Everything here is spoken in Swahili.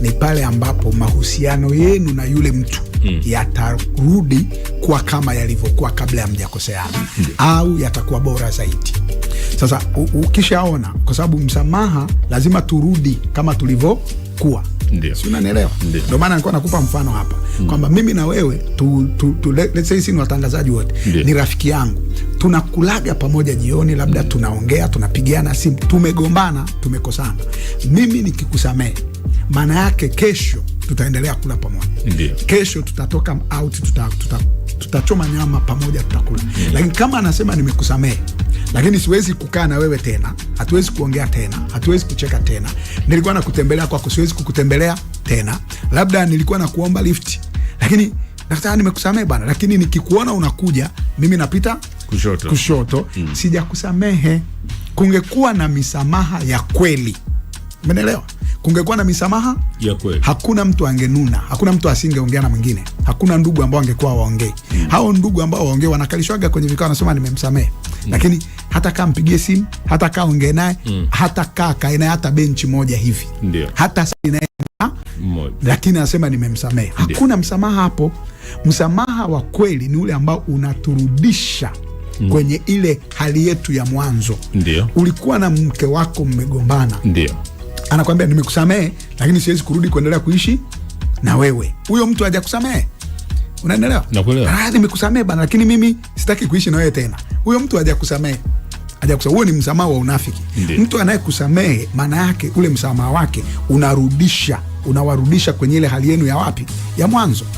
ni pale ambapo mahusiano yenu na yule mtu mm. yatarudi kuwa kama yalivyokuwa kabla mjakoseana mm. au yatakuwa bora zaidi. Sasa ukishaona, kwa sababu msamaha lazima turudi kama tulivyokuwa si unanielewa? Ndio maana nilikuwa nakupa mfano hapa mm. kwamba mimi na wewe tu, tu, tu, si ni watangazaji wote, ni rafiki yangu, tunakulaga pamoja jioni, labda mm. tunaongea, tunapigiana simu, tumegombana, tumekosana, mimi nikikusamehe maana yake kesho tutaendelea kula pamoja. Ndiyo. Kesho tutatoka out, tutachoma tuta, nyama pamoja tutakula. mm. Lakini kama anasema nimekusamehe, lakini siwezi kukaa na wewe tena, hatuwezi kuongea tena, hatuwezi kucheka tena, nilikuwa nakutembelea kwako, siwezi kukutembelea tena, labda nilikuwa nakuomba lift lakini daktari, nimekusamehe bana, lakini nikikuona unakuja mimi napita kushoto, kushoto. Mm. Sijakusamehe. Kungekuwa na misamaha ya kweli, umeelewa? Kungekuwa na misamaha ya kweli, hakuna mtu angenuna, hakuna mtu asingeongea na mwingine, hakuna ndugu ambao angekuwa waongee mm. Hao ndugu ambao waongee wanakalishwaga kwenye vikao, anasema nimemsamehe mm. Lakini hata kaa mpigie simu, hata kaa ongee naye mm. hata kaa kae naye hata benchi moja hivi Ndio. hata naye lakini anasema nimemsamehe. Hakuna msamaha hapo. Msamaha wa kweli ni ule ambao unaturudisha mm. kwenye ile hali yetu ya mwanzo. Ndio. Ulikuwa na mke wako mmegombana, ndio anakwambia nimekusamehe, lakini siwezi kurudi kuendelea kuishi na wewe. Huyo mtu hajakusamehe, unaelewa? Nakuelewa, ah, nimekusamehe bana, lakini mimi sitaki kuishi na wewe tena. Huyo mtu hajakusamehe, hajakusamehe. Huo ni msamaha wa unafiki. Mtu anayekusamehe, maana yake ule msamaha wake unarudisha, unawarudisha kwenye ile hali yenu ya wapi, ya mwanzo.